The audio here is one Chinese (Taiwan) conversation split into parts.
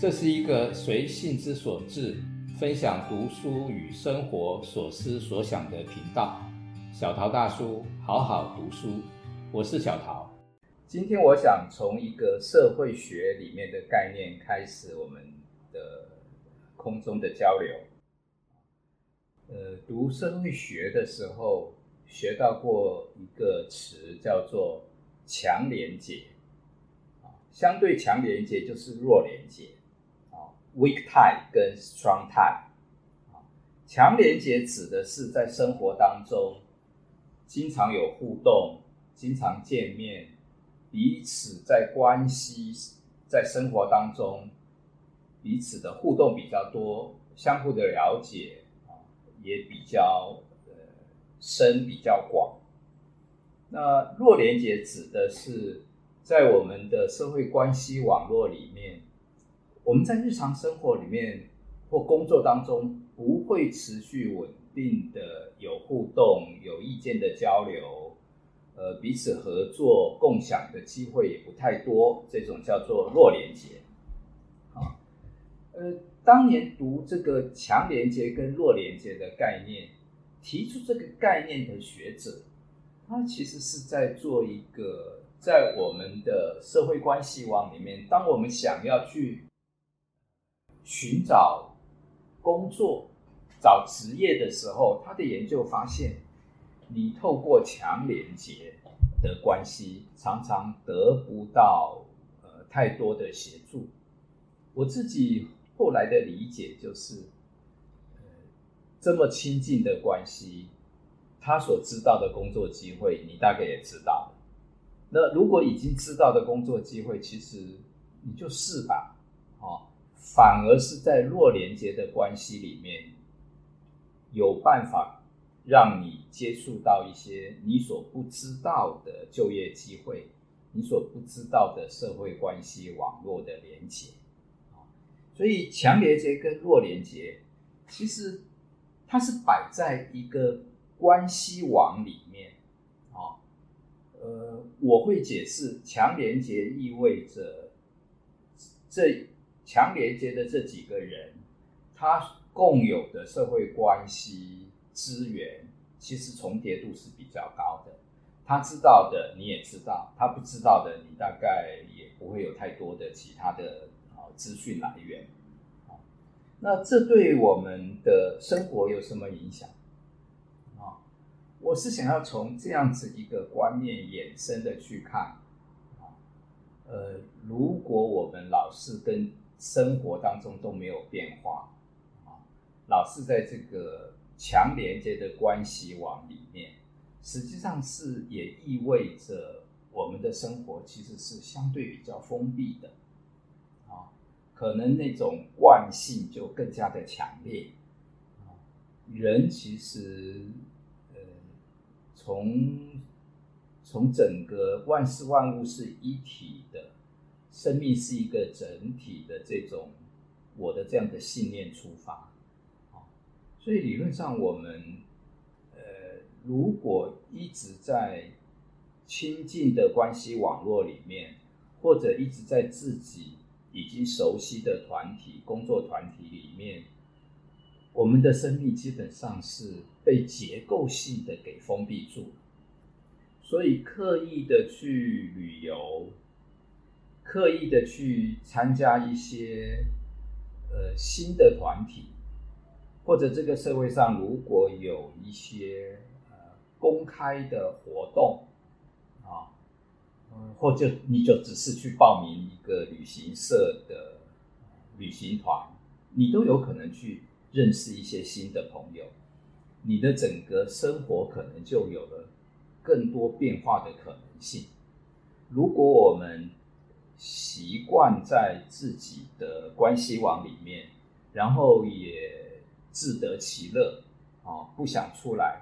這是一個隨性之所至，分享讀書與生活所思所想的頻道。小陶大叔，好好讀書，我是小陶。今天我想從一個社會學裡面的概念開始我們的空中的交流。呃，讀社會學的時候學到過一個詞，叫做強連結。相對強連結就是弱連結。weak tie 跟 strong tie，強連接指的是在生活當中經常有互動、經常見面，彼此在關係在生活當中彼此的互動比較多，相互的了解啊也比較呃深、比較廣。那弱連接指的是在我們的社會關係網絡裡面。我們在日常生活裡面或工作當中，不會持續穩定的有互動、有意見的交流，呃，彼此合作、共享的機會也不太多。這種叫做弱連結。好，啊，呃，當年讀這個強連結跟弱連結的概念，提出這個概念的學者，他其實是在做一個在我們的社會關係網裡面，當我們想要去尋找工作、找職業的時候，他的研究發現，你透過強連結的關係，常常得不到呃太多的協助。我自己後來的理解就是，呃，這麼親近的關係，他所知道的工作機會，你大概也知道了。那如果已經知道的工作機會，其實你就試吧，哦。反而是在弱連結的關係裡面，有辦法讓你接觸到一些你所不知道的就業機會，你所不知道的社會關係網絡的連結。所以，強連結跟弱連結，其實它是擺在一個關係網裡面。啊，呃，我會解釋，強連結意味着這。強連結的這幾個人，他共有的社會關係資源，其實重疊度是比較高的。他知道的你也知道，他不知道的你大概也不會有太多的其他的啊資訊來源啊。那這對我們的生活有什麼影響啊？我是想要從這樣子一個觀念衍生的去看啊。呃，如果我們老是跟生活當中都沒有變化，啊，老是在這個強連接的關係網裡面，實際上是也意味着我們的生活其實是相對比較封閉的，啊，可能那種慣性就更加的強烈，啊，人其實，呃，從從整個萬事萬物是一體的。生命是一個整體的這種，我的這樣的信念出發，所以理論上我們，呃，如果一直在親近的關係網絡裡面，或者一直在自己已經熟悉的團體、工作團體裡面，我們的生命基本上是被結構性的給封閉住，所以刻意的去旅遊。刻意的去參加一些呃新的團體，或者這個社會上如果有一些呃公開的活動啊，或者你就只是去報名一個旅行社的旅行團，你都有可能去認識一些新的朋友，你的整個生活可能就有了更多變化的可能性。如果我們習慣在自己的關係網裡面，然後也自得其樂，啊，不想出來。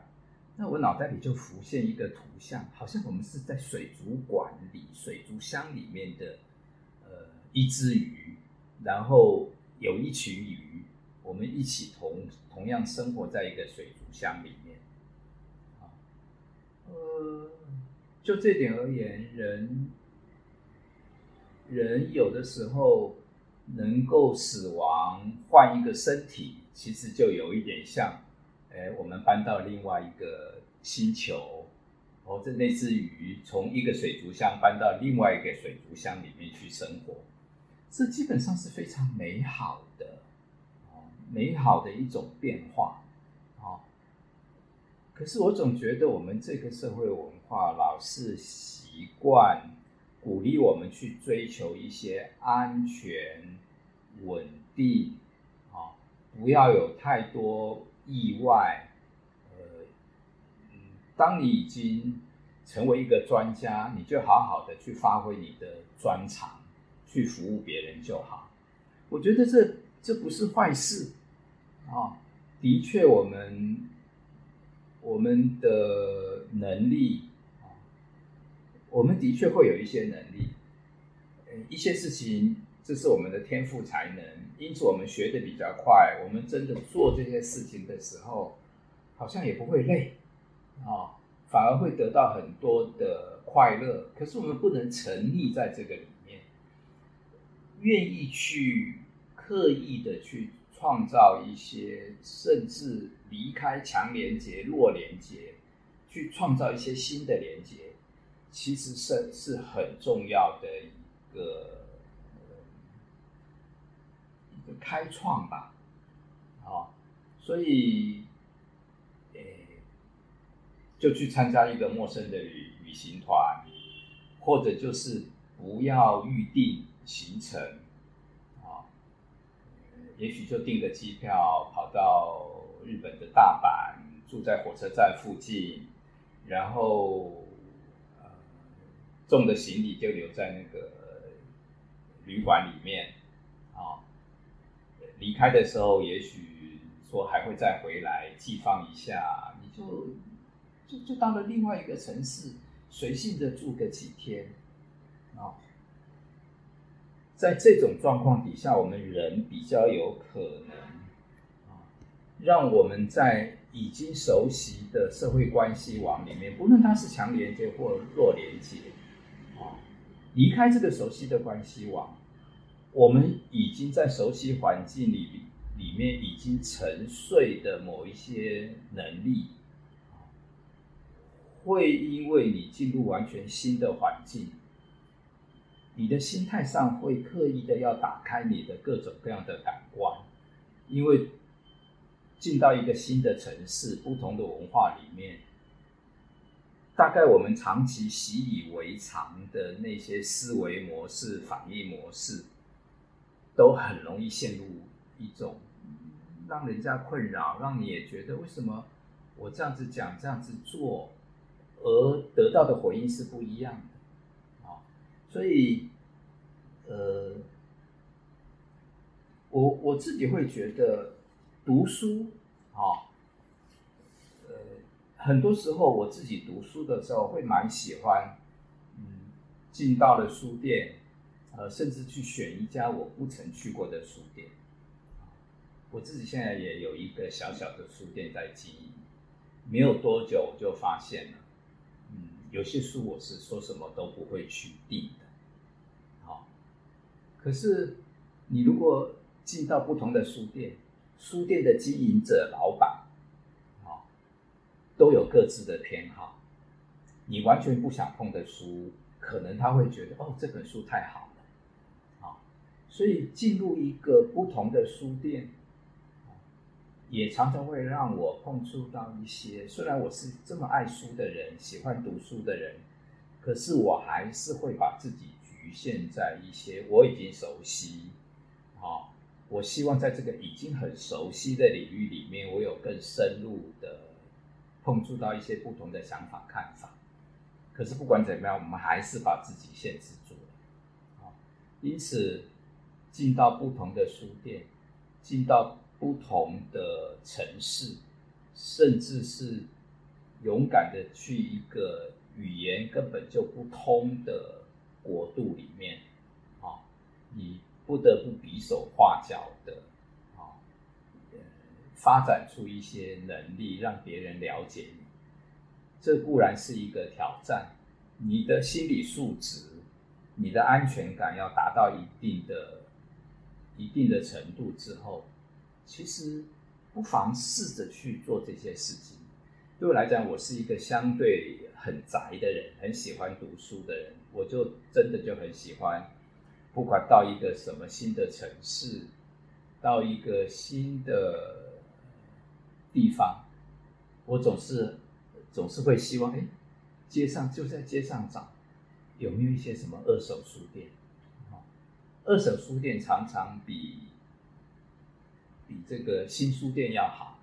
那我腦袋裡就浮現一個圖像，好像我們是在水族館裡、水族箱裡面的，呃，一隻魚，然後有一群魚，我們一起同同樣生活在一個水族箱裡面。啊，呃，就這點而言，嗯、人。人有的時候能夠死亡換一個身體，其實就有一點像，哎，我們搬到另外一個星球，哦，這類似於從一個水族箱搬到另外一個水族箱裡面去生活，這基本上是非常美好的，哦，美好的一種變化，啊，哦。可是我總覺得我們這個社會文化老是習慣。鼓勵我們去追求一些安全、穩定，啊、哦，不要有太多意外。呃，嗯，當你已經成為一個專家，你就好好的去發揮你的專長，去服務別人就好。我覺得這這不是壞事，啊、哦，的確，我們我們的能力。我們的確會有一些能力，呃，一些事情，這是我們的天賦才能，因此我們學的比較快。我們真的做這些事情的時候，好像也不會累，啊、哦，反而會得到很多的快樂。可是我們不能沉溺在這個裡面，願意去刻意的去創造一些，甚至離開強連接、弱連接，去創造一些新的連接。其實是是很重要的一個，一個開創吧，啊，所以就去參加一個陌生的旅旅行團，或者就是不要預定行程，啊，也許就訂個機票跑到日本的大阪，住在火車站附近，然後。重的行李就留在那個旅館裡面，啊，離開的時候也許說還會再回來寄放一下，你就、嗯、就就到了另外一個城市，隨性的住個幾天，啊，在這種狀況底下，我們人比較有可能啊，讓我們在已經熟悉的社會關係網裡面，不論它是強連結或弱連結。離開這個熟悉的關係網，我們已經在熟悉環境裡裡面已經沉睡的某一些能力，會因為你進入完全新的環境，你的心態上會刻意的要打開你的各種各樣的感官，因為進到一個新的城市，不同的文化裡面。大概我們長期習以為常的那些思維模式、反應模式，都很容易陷入一種讓人家困擾，讓你也覺得為什麼我這樣子講、這樣子做，而得到的回應是不一樣的。所以，呃，我我自己會覺得讀書，啊、哦。很多時候我自己讀書的時候會蠻喜歡，嗯，進到了書店，呃，甚至去選一家我不曾去過的書店。我自己現在也有一個小小的書店在經營，沒有多久我就發現了，嗯，有些書我是說什麼都不會去訂的，好、哦，可是你如果進到不同的書店，書店的經營者、老闆。都有各自的偏好，你完全不想碰的書，可能他會覺得哦，這本書太好了，啊，哦，所以進入一個不同的書店，哦，也常常會讓我碰觸到一些。雖然我是這麼愛書的人，喜歡讀書的人，可是我還是會把自己局限在一些我已經熟悉，啊，哦，我希望在這個已經很熟悉的領域裡面，我有更深入的。碰觸到一些不同的想法、看法，可是不管怎麼樣，我們還是把自己限制住了。啊，因此進到不同的書店，進到不同的城市，甚至是勇敢的去一個語言根本就不通的國度裡面，啊，你不得不比手畫腳的。發展出一些能力，讓別人了解你，這固然是一個挑戰。你的心理素質、你的安全感要達到一定的、一定的程度之後，其實不妨試着去做這些事情。對我來講，我是一個相對很宅的人，很喜歡讀書的人，我就真的就很喜歡，不管到一個什麼新的城市，到一個新的。地方，我總是總是會希望，哎，街上就在街上找有沒有一些什麼二手書店？哦、二手書店常常比比這個新書店要好。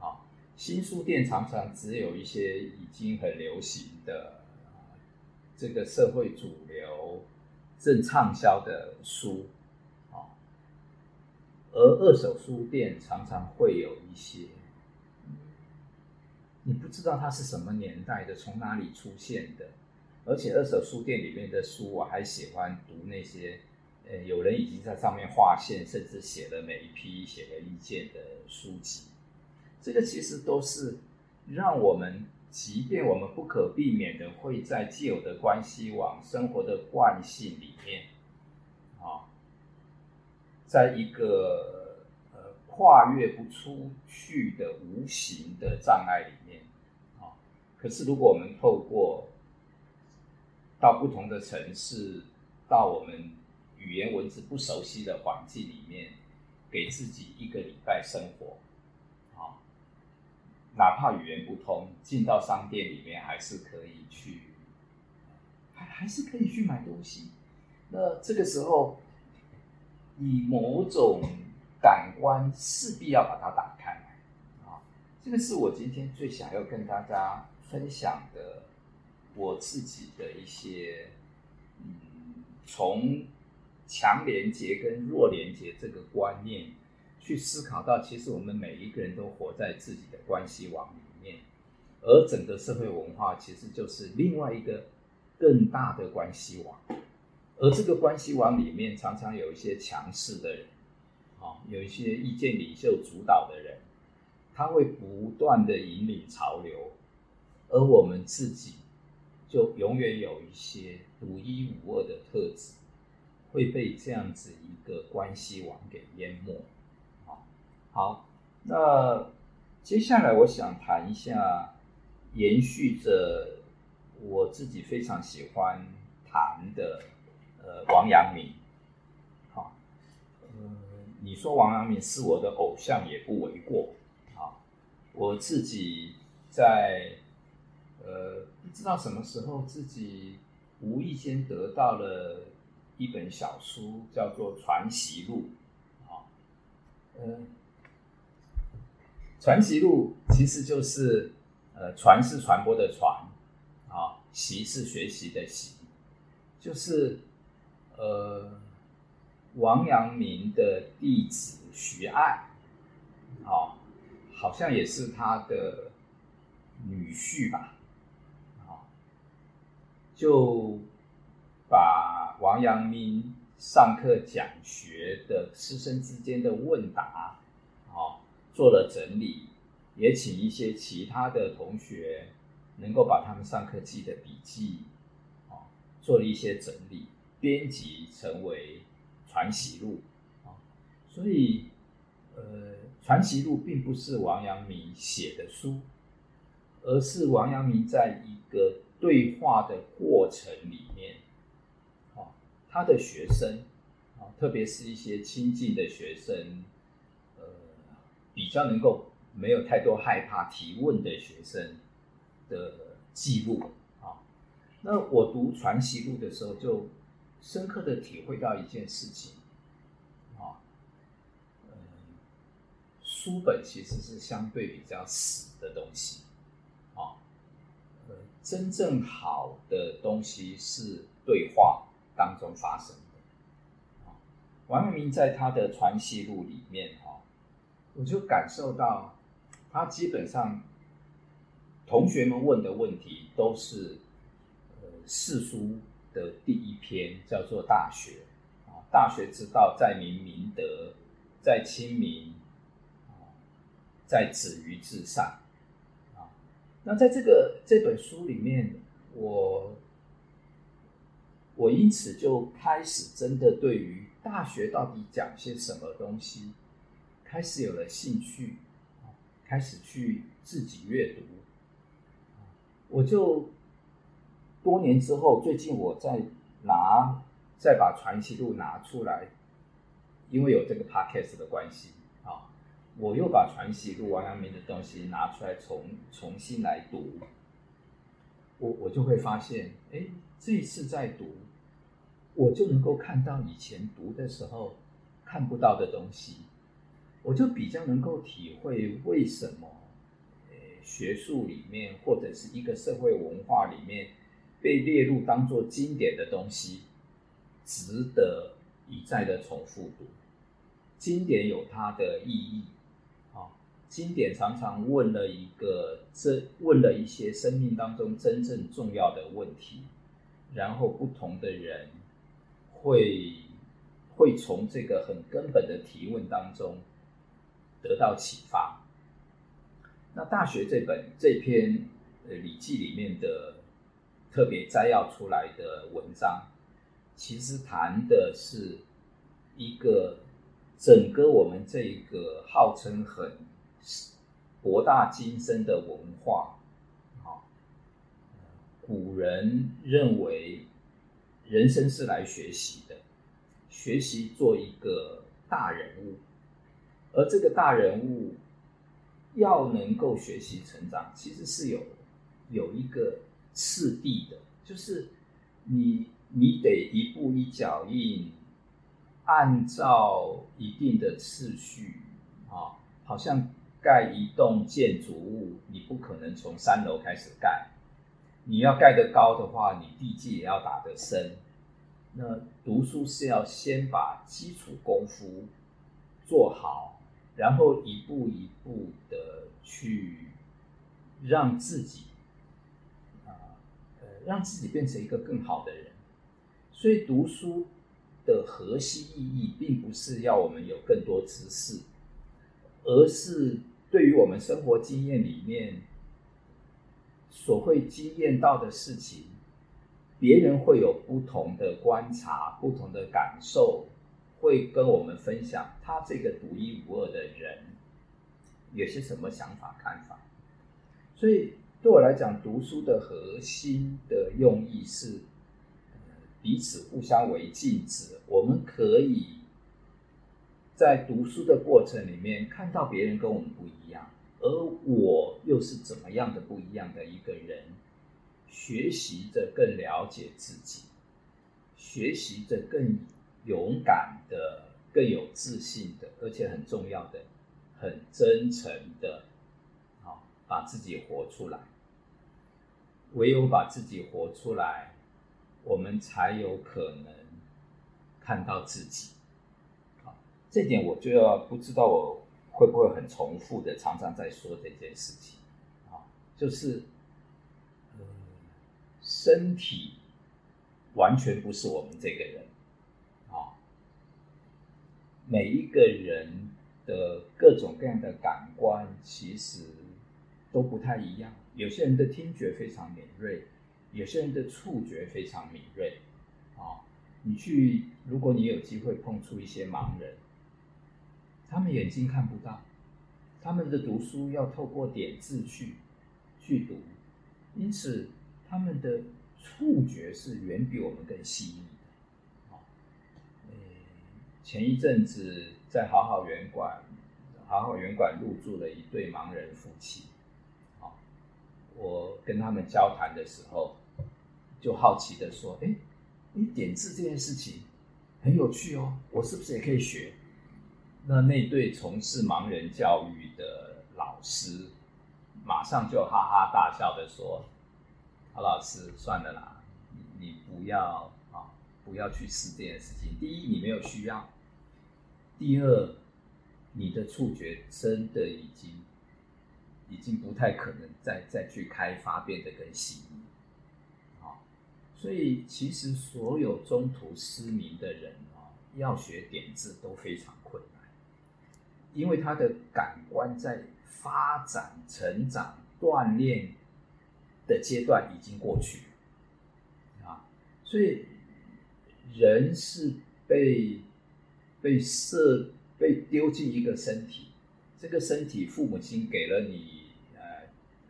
啊、哦，新書店常常只有一些已經很流行的這個社會主流正暢銷的書。啊、哦，而二手書店常常會有一些。你不知道它是什麼年代的，從哪裡出現的，而且二手書店裡面的書，我還喜歡讀那些，呃，有人已經在上面劃線，甚至寫了眉批、寫了意見的書籍。這個其實都是讓我們，即便我們不可避免的會在既有的關係網、生活的慣性裡面，啊、哦，在一個呃跨越不出去的無形的障礙裡面。可是，如果我們透過到不同的城市，到我們語言文字不熟悉的環境裡面，給自己一個禮拜生活，啊，哪怕語言不通，進到商店裡面還是可以去，還還是可以去買東西。那這個時候，以某種感官勢必要把它打開，啊，這個是我今天最想要跟大家。分享的我自己的一些，嗯，從強連結跟弱連結這個觀念去思考到，其實我們每一個人都活在自己的關係網裡面，而整個社會文化其實就是另外一個更大的關係網。而這個關係網裡面常常有一些強勢的人，啊，有一些意見領袖主導的人，他會不斷地引領潮流。而我們自己，就永遠有一些獨一無二的特質，會被這樣子一個關係網給淹沒，啊，好，那接下來我想談一下，延續着我自己非常喜歡談的，呃，王陽明，好，嗯，你說王陽明是我的偶像也不為過，啊，我自己在。呃，不知道什麼時候自己無意間得到了一本小書，叫做《傳習錄》啊、哦。呃，《傳習錄》其實就是呃，傳是傳播的傳，啊、哦，習是學習的習，就是呃，王陽明的弟子徐愛，啊、哦，好像也是他的女婿吧。就把王陽明上課講學的師生之間的問答，啊、哦，做了整理，也請一些其他的同學能夠把他們上課記的筆記，啊、哦，做了一些整理編輯成為傳、哦呃《傳習錄》啊，所以呃，《傳習錄》並不是王陽明寫的書，而是王陽明在一個。對話的過程裡面，啊，他的學生，啊，特別是一些親近的學生，呃，比較能夠沒有太多害怕提問的學生的記錄，啊，那我讀傳習錄的時候，就深刻的體會到一件事情，啊，嗯，書本其實是相對比較死的東西。真正好的東西是對話當中發生的。王陽明在他的傳習錄裡面，哈，我就感受到他基本上同學們問的問題都是，呃，《四書》的第一篇叫做《大學》，啊，《大學之道，在明明德，在親民，啊，在止於至善》。那在這個這本書裡面，我我因此就開始真的對於大學到底講些什麼東西，開始有了興趣，開始去自己閱讀。我就多年之後，最近我在拿再把《傳習錄》拿出來，因為有這個 podcast 的關係。我又把傳習錄王陽明的東西拿出來重重新來讀，我我就會發現，哎、欸，這一次再讀，我就能夠看到以前讀的時候看不到的東西，我就比較能夠體會為什麼，欸，學術裡面或者是一個社會文化裡面被列入當做經典的東西，值得一再的重複讀。經典有它的意義。經典常常問了一個，這問了一些生命當中真正重要的問題，然後不同的人會會從這個很根本的提問當中得到啟發。那大學這本這篇呃《禮記》裡面的特別摘要出來的文章，其實談的是一個整個我們這個號稱很。是博大精深的文化，啊，古人認為人生是來學習的，學習做一個大人物，而這個大人物要能夠學習成長，其實是有有一個次第的，就是你你得一步一腳印，按照一定的次序啊，好像。蓋一棟建築物，你不可能從三樓開始蓋。你要蓋得高的話，你地基也要打得深。那讀書是要先把基礎功夫做好，然後一步一步的去讓自己啊，呃，讓自己變成一個更好的人。所以讀書的核心意義，並不是要我們有更多知識，而是。對於我們生活經驗裡面所會經驗到的事情，別人會有不同的觀察、不同的感受，會跟我們分享他這個獨一無二的人有些什麼想法看法。所以對我來講，讀書的核心的用意是彼此互相為鏡子，我們可以。在讀書的過程裡面，看到別人跟我們不一樣，而我又是怎麼樣的不一樣的一個人？學習着更了解自己，學習着更勇敢的、更有自信的，而且很重要的、很真誠的，好、哦，把自己活出來。唯有把自己活出來，我們才有可能看到自己。這點我就要不知道我會不會很重複的常常在說這件事情，啊，就是，身體完全不是我們這個人，啊，每一個人的各種各樣的感官其實都不太一樣，有些人的聽覺非常敏銳，有些人的觸覺非常敏銳，啊，你去如果你有機會碰觸一些盲人。他們眼睛看不到，他們的讀書要透過點字去，去讀，因此他們的觸覺是遠比我們更細膩的。哦，嗯，前一陣子在好好園館，好好園館入住了一對盲人夫妻。啊，我跟他們交談的時候，就好奇的說：“哎，你點字這件事情很有趣哦，我是不是也可以學？”那那對從事盲人教育的老師，馬上就哈哈大笑的說：“啊，老師，算了啦，你你不要啊、哦，不要去試這件事情。第一，你沒有需要；第二，你的觸覺真的已經已經不太可能再再去開發，變得更細膩。啊，所以其實所有中途失明的人啊、哦，要學點字都非常。”因為他的感官在發展、成長、鍛鍊的階段已經過去，啊，所以人是被被射被丟進一個身體，這個身體父母親給了你呃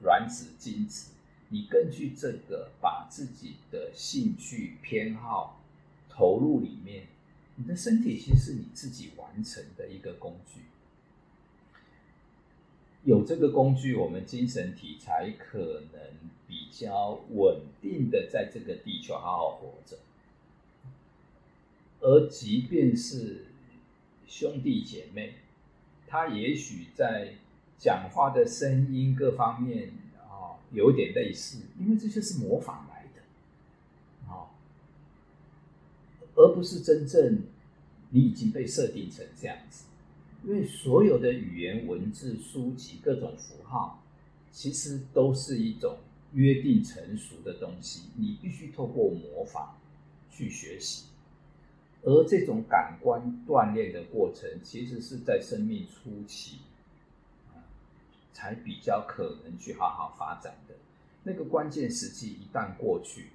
卵子、精子，你根據這個把自己的興趣偏好投入裡面，你的身體其實是你自己完成的一個工具。有這個工具，我們精神體才可能比較穩定的在這個地球好好活着。而即便是兄弟姐妹，他也許在講話的聲音各方面啊，有點類似，因為這些是模仿來的，啊，而不是真正你已經被設定成這樣子。因為所有的語言、文字、書籍、各種符號，其實都是一種約定俗成的東西。你必須透過模仿去學習，而這種感官鍛鍊的過程，其實是在生命初期才比較可能去好好發展的。那個關鍵時期一旦過去，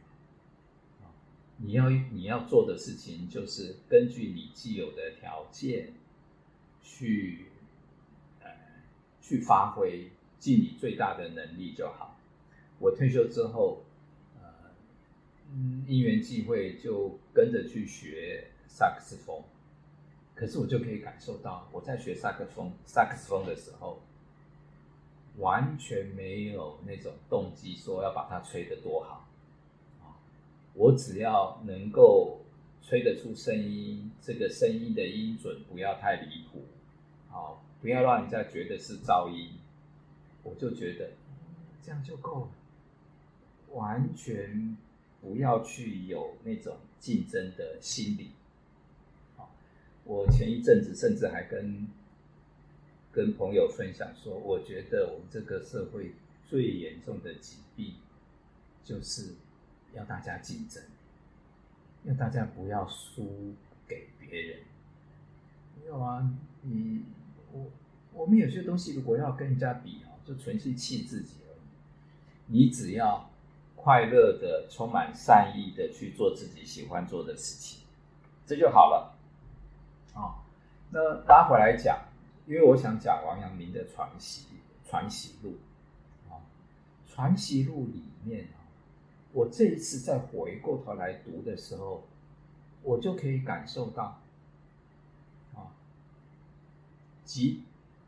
你要你要做的事情就是根據你既有的條件。去，呃，去發揮，盡你最大的能力就好。我退休之後，呃，嗯，因緣際會就跟着去學薩克斯風，可是我就可以感受到，我在學薩克風、薩克斯風的時候，完全沒有那種動機說要把它吹得多好，啊，我只要能夠吹得出聲音，這個聲音的音準不要太離譜。好，哦，不要讓人家覺得是噪音。我就覺得這樣就夠了，完全不要去有那種競爭的心理。哦，我前一陣子甚至還跟跟朋友分享說，我覺得我們這個社會最嚴重的疾病就是要大家競爭，要大家不要輸給別人。沒有啊，你。我我們有些東西，如果要跟人家比、啊、就純粹氣自己而已。你只要快樂的、充滿善意的去做自己喜歡做的事情，這就好了。啊、哦，那待會來講，因為我想講王陽明的《傳習傳習錄》啊，《傳習錄》哦、傳習錄裡面、啊、我這一次再回過頭來讀的時候，我就可以感受到。即，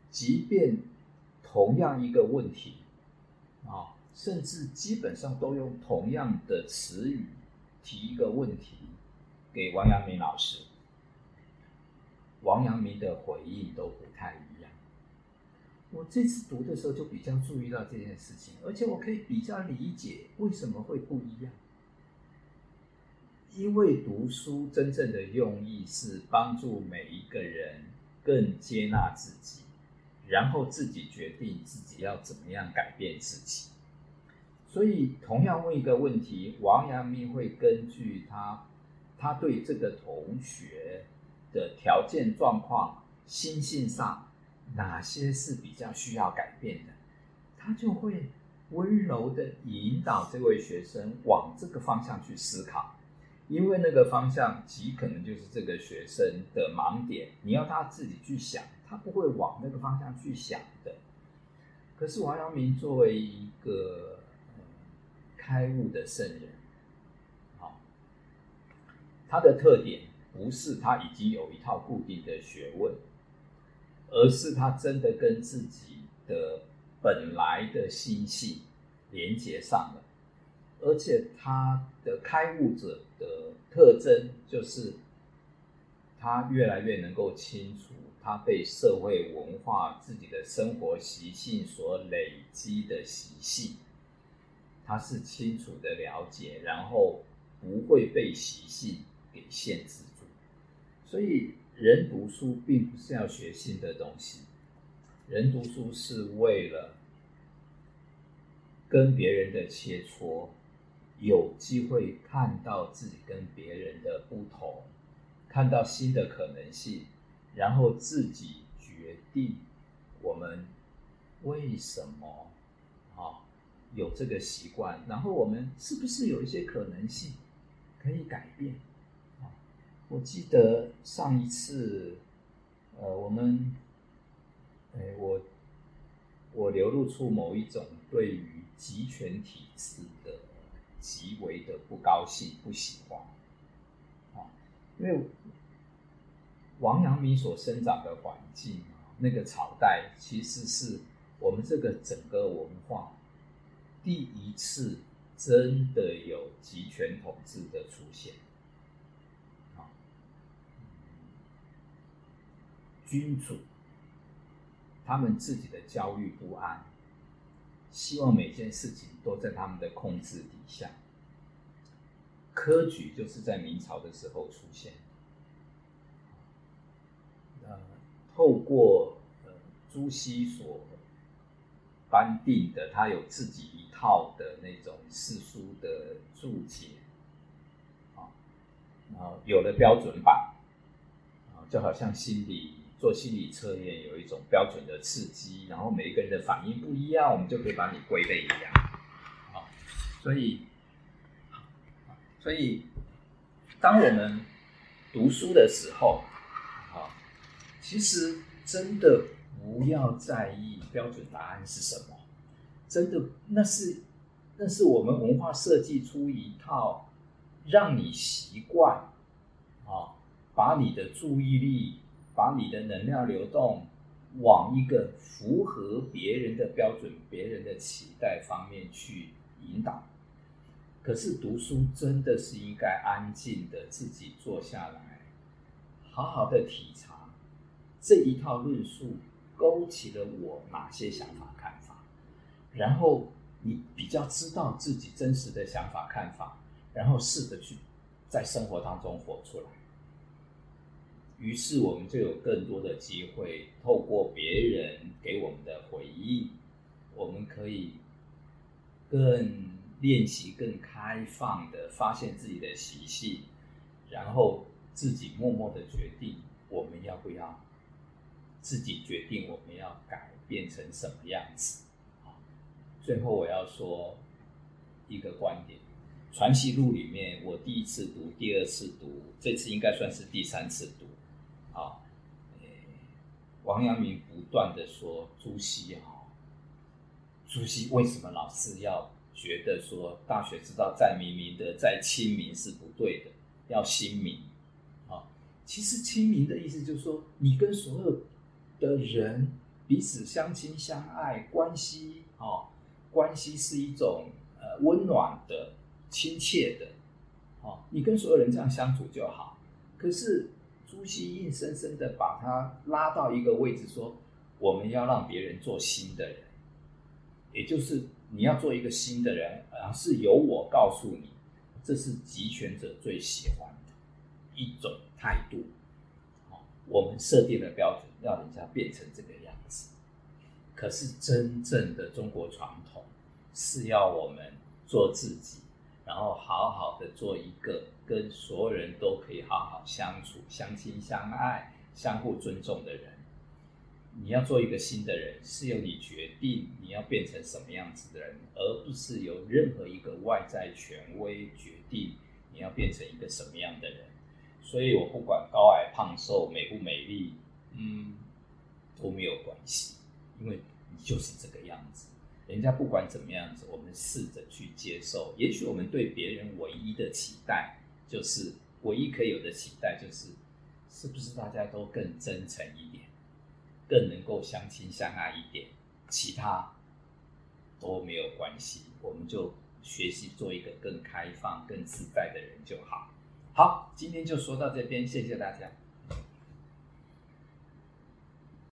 即便同樣一個問題，啊、哦，甚至基本上都用同樣的詞語提一個問題給王陽明老師，王陽明的回應都不太一樣。我這次讀的時候就比較注意到這件事情，而且我可以比較理解為什麼會不一樣，因為讀書真正的用意是幫助每一個人，更接納自己，然後自己決定自己要怎麼樣改變自己。所以，同樣問一個問題，王陽明會根據他他對這個同學的條件狀況、心性上哪些是比較需要改變的，他就會溫柔地引導這位學生往這個方向去思考。因為那個方向極可能就是這個學生的盲點，你要他自己去想，他不會往那個方向去想的。可是王陽明作為一個開悟的聖人，他的特點不是他已經有一套固定的學問，而是他真的跟自己的本來的心性連接上了。而且他的開悟者的特徵就是，他越來越能夠清楚他被社會文化、自己的生活習性所累積的習性，他是清楚的了解，然後不會被習性給限制住。所以，人讀書並不是要學新的東西，人讀書是為了跟別人的切磋。有機會看到自己跟別人的不同，看到新的可能性，然後自己決定我們為什麼啊、哦、有這個習慣，然後我們是不是有一些可能性可以改變啊？我記得上一次，呃，我們，誒，我我流露出某一種對於集權體制的。極為的不高興，不喜歡，啊，因為王陽明所生長的環境，那個朝代，其實是我們這個整個文化第一次真的有集權統治的出現，啊，君主他們自己的焦慮不安。希望每件事情都在他們的控制底下。科舉就是在明朝的時候出現，呃，透過呃朱熹所頒定的，他有自己一套的那種四書的注解，啊，然後有了標準版，啊，就好像心裡。做心理測驗有一種標準的刺激，然後每一個人的反應不一樣，我們就可以把你歸類一樣。哦，所以，所以，當我們讀書的時候，哦，其實真的不要在意標準答案是什麼，真的那是那是我們文化設計出一套讓你習慣啊，哦，把你的注意力。把你的能量流動往一個符合別人的標準、別人的期待方面去引導。可是讀書真的是應該安靜的自己坐下來，好好的體察這一套論述勾起了我哪些想法、看法，然後你比較知道自己真實的想法、看法，然後試着去在生活當中活出來。於是我們就有更多的機會，透過別人給我們的回應，我們可以更練習、更開放的發現自己的習性，然後自己默默的決定，我們要不要自己決定我們要改變成什麼樣子啊。最後我要說一個觀點，《傳習錄》裡面，我第一次讀、第二次讀，這次應該算是第三次讀。王陽明不斷地說：“朱熹啊，朱熹為什麼老是要覺得說大學之道，在明明德，在親民是不對的？要親民啊！其實親民的意思就是說，你跟所有的人彼此相親相愛，關係啊、哦，關係是一種呃溫暖的、親切的，哦，你跟所有人這樣相處就好。可是。”朱熹硬生生的把他拉到一個位置，說：“我們要讓別人做新的人，也就是你要做一個新的人，啊，是由我告訴你，這是極權者最喜歡的一種態度。我們設定的標準，讓人家變成這個樣子。可是真正的中國傳統是要我們做自己。”然後好好的做一個跟所有人都可以好好相處、相親相愛、相互尊重的人。你要做一個新的人，是由你決定你要變成什麼樣子的人，而不是由任何一個外在權威決定你要變成一個什麼樣的人。所以我不管高矮胖瘦、美不美麗，嗯，都沒有關係，因為你就是這個樣子。人家不管怎麼樣子，我們試着去接受。也許我們對別人唯一的期待，就是唯一可有的期待，就是是不是大家都更真誠一點，更能夠相親相愛一點，其他都沒有關係。我們就學習做一個更開放、更自在的人就好。好，今天就說到這邊，謝謝大家。